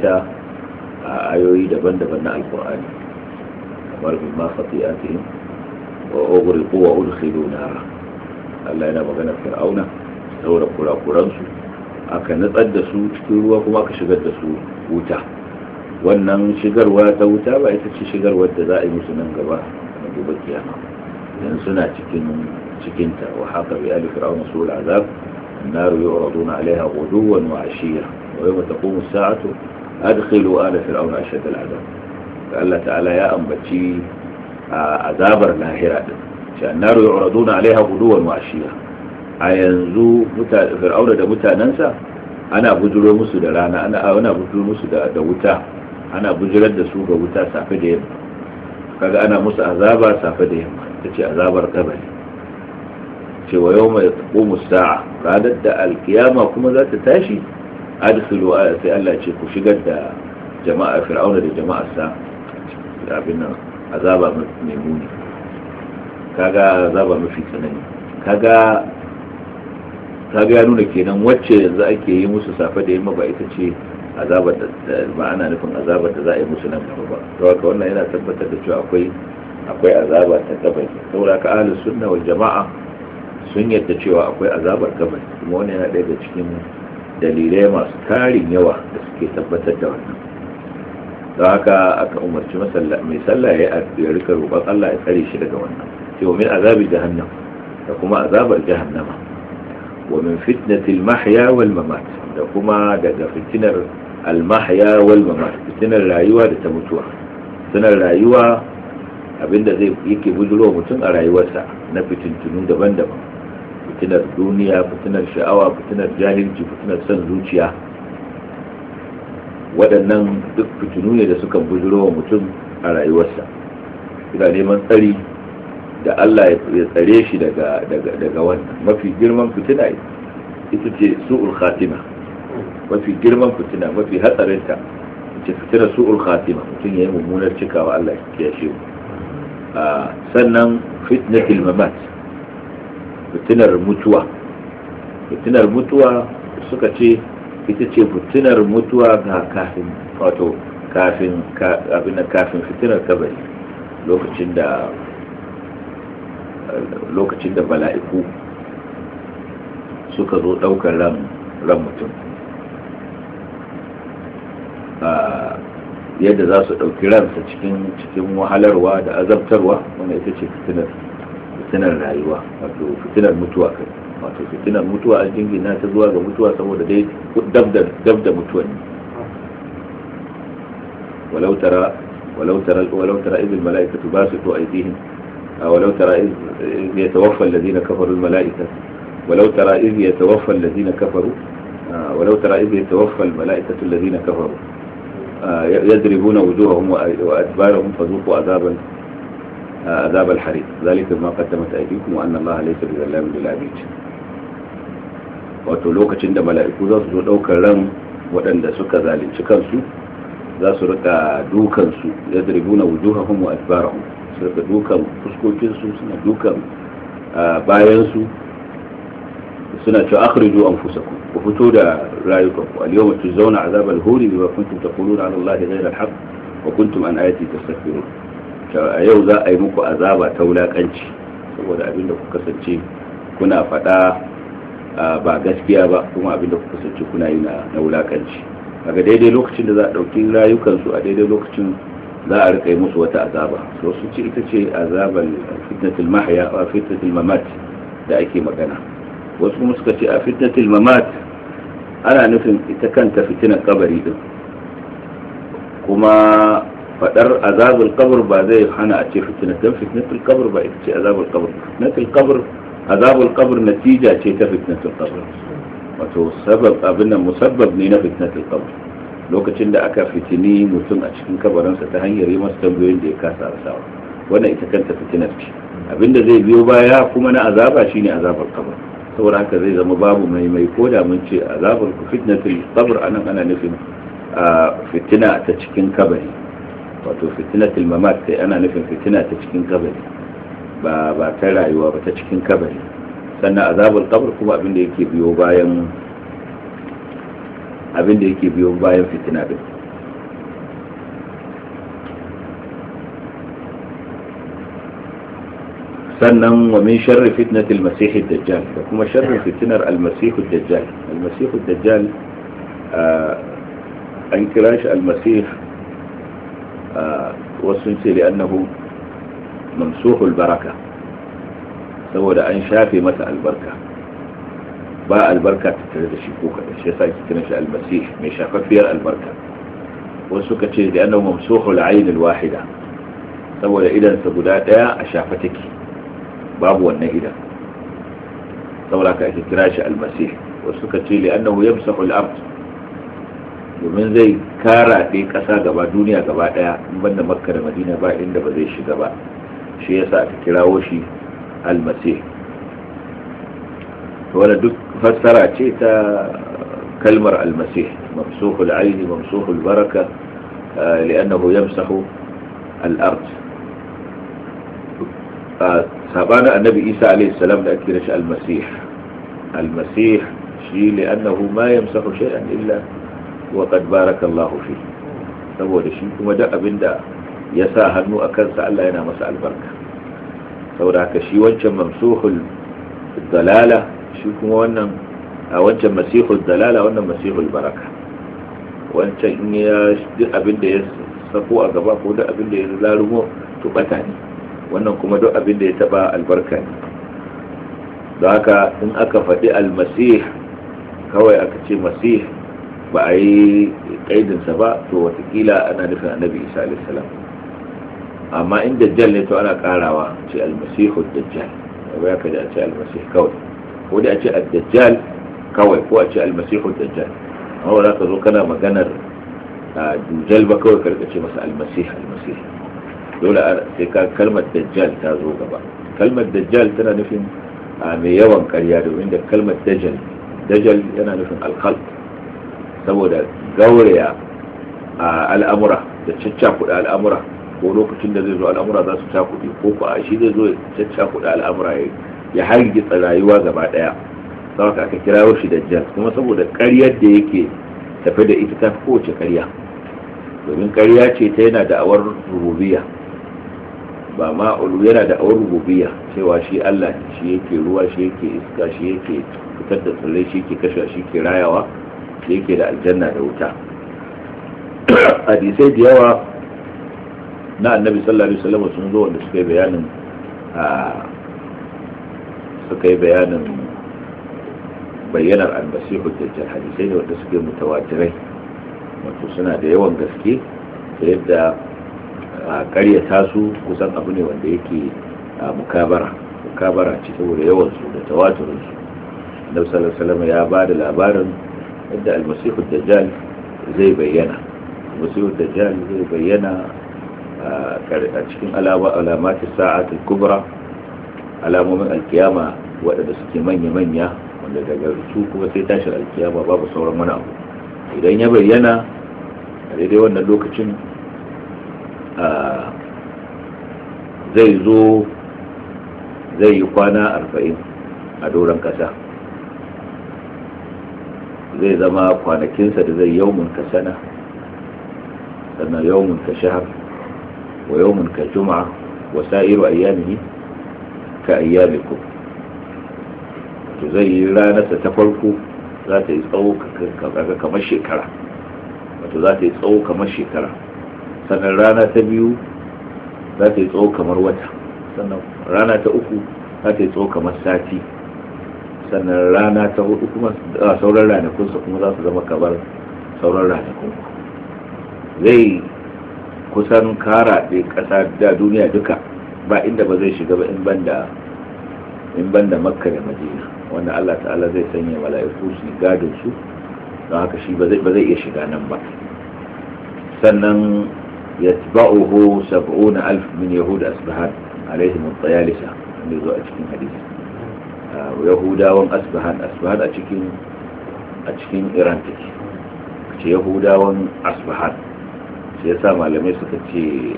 ita a ayoyi daban-daban na alkur'ani kamar bin ma khati'atihim wa ughriqu wa udkhilu nara Allah yana magana fir'auna saboda kurakuransu aka nutsar da su cikin ruwa kuma aka shigar da su wuta wannan shigarwa ta wuta ba ita ce shigarwar da za a yi musu nan gaba na gobe kiyama Idan suna cikin cikinta wa haka bi ali fir'auna sul azab النار يعرضون عليها غدوا وعشيا ويوم تقوم الساعة adkhilu ala fir'auna ashad al'adab Allah ta'ala ya ambaci azabar lahira din shi annaru yu'raduna alaiha guduwan wa ashiya a yanzu fir'auna da mutanansa ana bujuro musu da rana ana ana bujuro musu da da wuta ana bujirar da su ga wuta safe da yamma kaga ana musu azaba safe da yamma tace azabar kabari ce wa yawma yaqumu sa'a ranar da alkiyama kuma za ta tashi adkhulu sai Allah ce ku shigar da jama'a fir'auna da jama'arsa abin nan azaba mai muni kaga azaba mafi tsanani kaga kaga ya nuna kenan wacce yanzu ake yi musu safe da yamma ba ita ce azabar da ba ana nufin azabar da za a yi musu nan gaba ba to haka wannan yana tabbatar da cewa akwai akwai azaba ta kabari saboda ka ahlus sunna wal jama'a sun yadda cewa akwai azabar kabari kuma wannan yana daya daga cikin dalilai masu tarin yawa da suke tabbatar da wannan don haka aka umarci mai sallah ya rika roƙon Allah ya tsare shi daga wannan wa min azabi jahannam da kuma azabar jahannama wa min fitnatil mahya wal mamat da kuma daga fitinar al mahya wal mamat fitinar rayuwa da ta mutuwa fitinar rayuwa abinda zai yake bujuro mutum a rayuwarsa na fitintunun daban-daban fitinar duniya fitinar sha'awa fitinar jahilci fitinar son zuciya waɗannan duk fitinu ne da suka bujiro wa mutum a rayuwarsa Suna neman tsari da Allah ya tsare shi daga wannan mafi girman fitina ita ce su'ul khatima mafi girman fitina mafi hatsarinta ce fitina su'ul khatima mutum ya yi mummunar cikawa Allah ya shi ah, sannan fitnatul mamat fitinar mutuwa fitinar mutuwa suka ce ita ce fitinar mutuwa ga kafin wato kafin abin kafin fitinar kabari lokacin da lokacin da bala'iku suka zo ɗaukar ran ran mutum yadda za su ɗauki ransa cikin cikin wahalarwa da azabtarwa wanda ita ce fitinar fitinar rayuwa wato fitinar mutuwa kai wato fitinar mutuwa a jingina ta zuwa ga mutuwa saboda dai dab da mutuwa ne walau tara walau tara walau tara idil mala'ikatu basitu aydihim ولو ترى إذ يتوفى الذين كفروا الملائكة ولو ترى إذ يتوفى الذين كفروا ولو ترى إذ يتوفى الملائكة الذين كفروا يضربون وجوههم وأدبارهم فذوقوا عذاب عذاب الحريق ذلك ما قدمت أيديكم وأن الله ليس بظلام للعبيد wato lokacin da mala'iku za su zo ɗaukar ran waɗanda suka zalunci kansu za su rika dukansu ya zaribu na wujuhahum wa adbarahum su rika dukan fuskokinsu suna dukan bayansu suna cewa akhriju anfusakum ku fito da rayukanku al yawma tuzawna azabal huri bima kuntum taquluna ala wa an a yau za a yi muku azaba ta wulakanci saboda abin da kasance kuna faɗa ba gaskiya ba kuma abin da kasance kuna yi na wulakanci daga daidai lokacin da za a ɗauki rayukansu a daidai lokacin za a rika yi musu wata azaba so su ce ita ce azabar fitnatul mahya fitnatul mamat da ake magana wasu kuma suka ce a fitnatul mamat ana nufin ita kanta fitinar kabari din kuma fadar azabul qabr ba zai hana a ce fitnatul fitnatul qabr ba ita ce azabul qabr fitnatul qabr azabul qabr natija ce ta fitnatul qabr wato sabab abin nan musabbab ne na fitnatul qabr lokacin da aka fitini mutum a cikin kabarinsa ta hanyar yi masa tambayoyin da ya kasa rasawa wannan ita kanta fitinar ce abinda zai biyo baya kuma na azaba shine azabar qabr saboda haka zai zama babu mai mai ko da mun ce azabar fitnatul qabr anan ana nufin fitina ta cikin kabari wato fitinatul mamat kai ana nufin fitina ta cikin kabari ba ba ta rayuwa ba ta cikin kabari sannan azabul qabr kuma abin da yake biyo bayan abin da yake biyo bayan fitina din sannan wa min sharri al masih ad dajjal da kuma sharri fitinar al-masih ad dajjal al-masih ad dajjal an kira shi al-masih wasu ce li'annahu annahu mamsuhul baraka saboda an shafe masa albarka ba albarka ta tare da shi ko kaɗan shi sa ki kiran shi almasih mai shafaffiyar albarka wasu suka ce da annahu mamsuhul ainul wahida saboda idan sa guda ɗaya a shafa take babu wannan idan saboda ka ake kira shi almasih wasu suka ce li'annahu annahu yamsahul ard domin zai kara ɗaya ƙasa gaba duniya gaba daya ban da makka da madina ba inda ba zai shiga ba shi yasa aka kirawo shi almasih wanda duk fassara ce ta kalmar almasih mamsuhul aini mamsuhul baraka eh, li'annahu yamsahu al-ard sabanin annabi isa alayhi salam da ake da shi almasih almasih shi li'annahu ma yamsahu shay'an illa wa qad barakallahu fi saboda shi kuma duk abinda ya sa hannu a kansa Allah yana masa albarka saboda haka shi wancan mamsuhul dalala shi kuma wannan a wancan masihul dalala wannan masihul baraka wancan in ya duk abinda ya sako a gaba ko duk abinda ya larumo to bata ne wannan kuma duk abinda ya taba albarka ne don haka in aka faɗi almasih kawai aka ce masih ba a yi ƙaidinsa ba to watakila ana nufin annabi isa alaihi amma in dajjal ne to ana karawa ce almasihu dajjal ba ya kaji a ce almasih kawai ko da a ce dajjal kawai ko a ce almasihu dajjal amma ba za ka zo kana maganar dujjal ba kawai karka ce masa almasih almasih dole sai ka kalmar dajjal ta zo gaba kalmar dajjal tana nufin mai yawan karya domin da kalmar dajjal dajjal yana nufin alkhalq saboda gauraya al'amura da caccakuɗa al'amura ko lokacin da zai zo al'amura za su cakuɗe ko ko a shi zai zo ya caccakuɗa al'amura ya hargitsa rayuwa gaba ɗaya saboda aka kira shi da jaz. kuma saboda ƙaryar da yake tafi da ita ta fi kowace ƙarya domin ƙarya ce ta yana da awar rububiya ba ma yana da awar rububiya cewa shi Allah shi yake ruwa shi yake iska shi yake fitar da tsirrai shi yake kashe, shi yake rayawa da yake da aljanna da wuta hadisai da yawa na annabi sallallahu alaihi wasallam sun zo wanda suka yi bayanin suka yi bayanin bayyanar almasihu dajjal hadisai ne wanda suke mutawatirai wato suna da yawan gaske da yadda a karyata su kusan abu ne wanda yake mukabara mukabara ce saboda yawan su da tawaturin su annabi sallallahu alaihi wasallam ya ba da labarin yadda almasihu dajjal zai bayyana almasihu dajjal zai bayyana a cikin alamati sa'atul kubra alamomin alkiyama waɗanda suke manya-manya wanda daga su kuma sai tashin alkiyama babu sauran wani abu idan ya bayyana a daidai wannan lokacin zai zo zai yi kwana arba'in a doron ƙasa zai zama kwanakinsa da zai yau ka sana sannan yau ka shahar wa yau ka juma'a wa sa'iru ayyamihi ka ku to zai yi ranarsa ta farko za ta yi tsawo kamar shekara wato za ta yi tsawo kamar shekara sannan rana ta biyu za ta yi tsawo kamar wata sannan rana ta uku za ta yi tsawo kamar sati sannan rana ta hudu kuma sauran ranakunsa kuma za su zama kamar sauran ranakun zai kusan kara da ƙasa da duniya duka ba inda ba zai shiga ba in banda in banda makka da madina wanda allah ta'ala zai sanya mala'iku su gadin su don haka shi ba zai iya shiga nan ba sannan yatba'uhu sab'una alf min yahud asbahat alaihim at wanda zo a cikin hadisi yahudawan asbahan asbahan a cikin a cikin iran take ce yahudawan asbahan sai ya sa malamai suka ce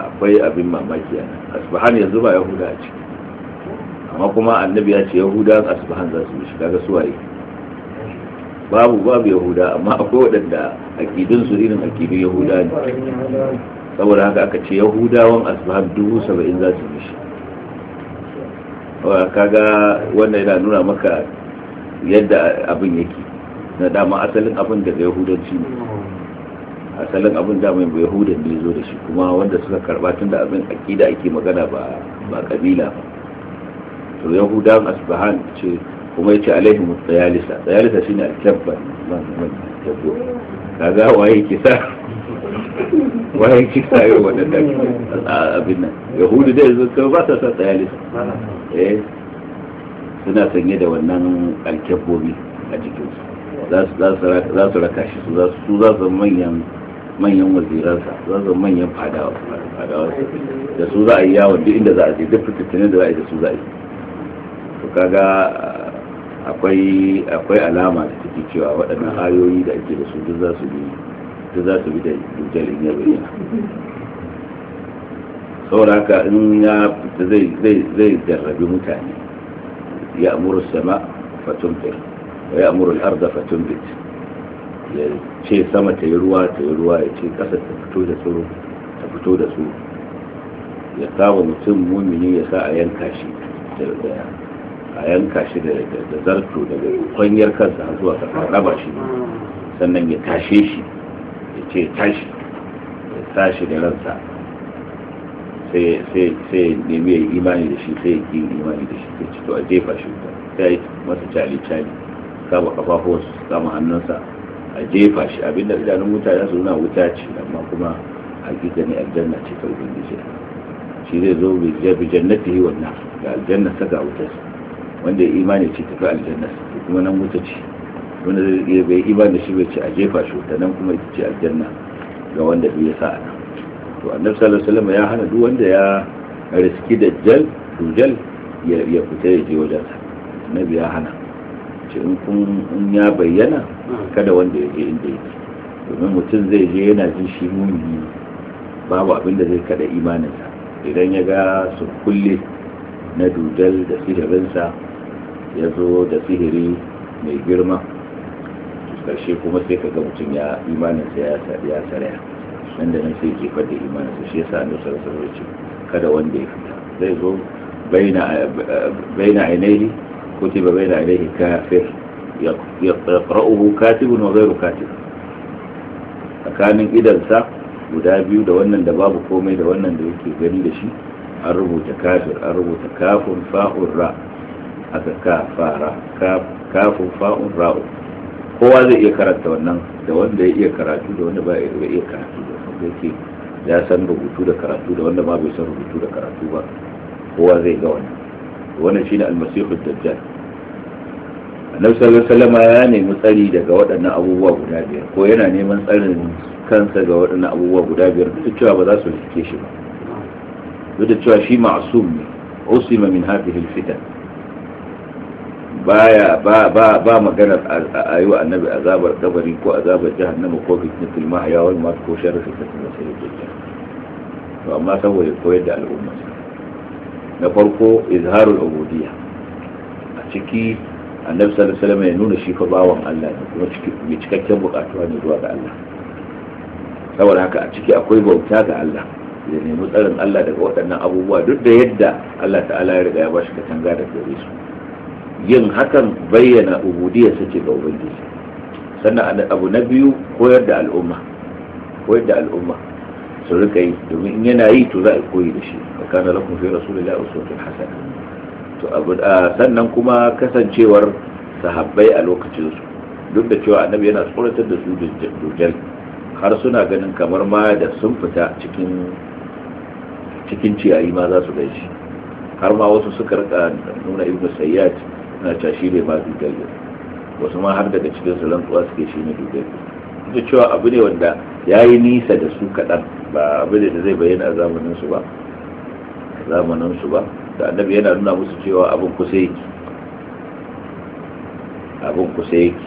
akwai abin mamaki a nan asbahan yanzu ba yahuda a ciki amma kuma annabi ya ce yahudawan asbahan za su shi ga suwaye babu babu yahuda amma akwai waɗanda aƙidun su irin aƙidun yahuda ne saboda haka aka ce yahudawan asbahan dubu saba'in za su mishi kaga wannan yana nuna maka yadda abin yake na dama asalin abin daga yahudanci ne asalin abin da mai yahudan ne zo da shi kuma wanda suka karba tun da abin akida ake magana ba ba kabila ba to yahudan asbahan ce kuma yace alaihi tsayalisa tsayalisa shine alkabban man man yabo kaga waye ke sa waye ke sa yau wannan abin nan yahudu dai zo ba sa tsayalisa eh suna sanye da wannan alkyabbobi a jikinsu za su raka shi su za su manyan manyan waziransa za su manyan fadawa da su za a yi yawon duk inda za a je duk fitattunan da za a yi da su za a yi to kaga akwai alama da take cewa waɗannan ayoyi da ake da su duk za su bi da za in bi da dujjalin ya bayyana saboda haka in ya fita zai zai jarrabi mutane ya amuru sama fatumtir wa ya amuru al'arda fatumbit ya ce sama ta yi ruwa ta yi ruwa ya ce ƙasa ta fito da tsoro ta fito da su ya kawo mutum mumini ya sa a yanka shi a yanka shi da zarto daga kwanyar kansa zuwa ta raba shi sannan ya tashe shi ya ce tashi ya tashi da ransa sai nemi ya yi imani da shi sai ya ki imani da shi sai ci to a jefa shi wuta sai ya masa cali cali kama kafafuwarsa kama hannunsa a jefa shi abinda idanun mutane su nuna wuta ce amma kuma hakika ne aljanna ce ta ubangiji shi zai zo bi jannatihi wannan ga aljanna saka wuta wanda ya imani ce tafi aljanna kuma nan wuta ce wanda zai iya bai imani da shi bai ce a jefa shi wuta nan kuma ita ce aljanna ga wanda bai sa a nan to annabi sallallahu alaihi wasallam ya hana duk wanda ya riski da jal dujal ya ya fita ya je wajen sa annabi ya hana ce in kun in ya bayyana kada wanda ya je inda yake domin mutum zai je yana jin shi muni babu abin da zai kada imaninsa idan ya ga su kulle na dujal da sihirinsa ya zo da sihiri mai girma karshe kuma sai ka ga mutum ya imaninsa ya sarya nan da nan sai kefar imani su shi yasa annabi sallallahu alaihi wasallam kada wanda ya fita zai zo baina baina ainihi kutiba baina ainihi kafir yaqra'uhu katibun wa ghayru katib tsakanin sa guda biyu da wannan da babu komai da wannan da yake gani da shi an rubuta kafir an rubuta kafin fa'un ra aka kafara kafun fa'un ra'u kowa zai iya karanta wannan da wanda ya iya karatu da wanda ba ya iya karatu yake ya san rubutu da karatu da wanda ma bai san rubutu da karatu ba kowa zai ga wannan shi ne almasihu dajjal annabi sallallahu alaihi ya nemi tsari daga waɗannan abubuwa guda biyar ko yana neman tsarin kansa ga waɗannan abubuwa guda biyar duk da cewa ba za su rike shi ba duk da cewa shi ma'sum ne usima min hadhihi alfitan baya ba ba ba magana a yi wa annabi azabar kabari ko azabar jahannama ko fitnatul mahya wal mat ko sharri sai masir dajjal to amma saboda koyar da al'umma na farko izharul ubudiyya a ciki annabi sallallahu alaihi wasallam ya nuna shi fa bawan Allah ne kuma mai cikakken bukatuwa ne zuwa ga Allah saboda haka a ciki akwai bauta ga Allah ya nemi tsarin Allah daga waɗannan abubuwa duk da yadda Allah ta'ala ya riga ya bashi katanga da gare su yin hakan bayyana ubudiyarsa ce ga ubangiji sannan abu na biyu koyar da al'umma koyar da al'umma su rika yi domin in yana yi to za a koyi da shi a kana lakum fi rasulillahi uswatun hasan to abu sannan kuma kasancewar sahabbai a lokacin su duk da cewa annabi yana tsoratar da su da dujal har suna ganin kamar ma da sun fita cikin cikin ciyayi ma za su gaishe har ma wasu suka rika nuna ibnu sayyad suna cewa shi ne ma dudayyo wasu ma har daga cikin su rantsuwa suke shi ne dudayyo duk cewa abu ne wanda ya yi nisa da su kaɗan ba abu ne da zai bayyana a zamanin su ba zamanin su ba da annabi yana nuna musu cewa abin kusa yake abin kusa yake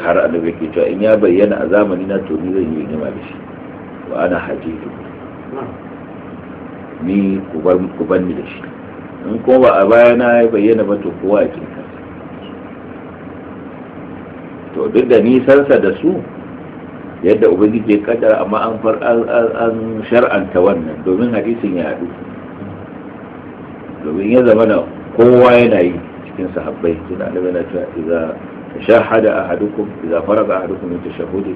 har annabi yake cewa in ya bayyana a zamanin na to ni zan yi nima da shi wa ana hajiju ni ku bar ni da shi in kuma ba a bayana ya bayyana ba to kowa ya to duk da nisansa da su yadda ubangiji ya kaddara amma an far an shar'anta wannan domin hadisin ya haɗu domin ya zama na kowa yana yi cikin sahabbai suna da yana cewa ta shahada ahadukum idza faraga ahadukum min tashahhudi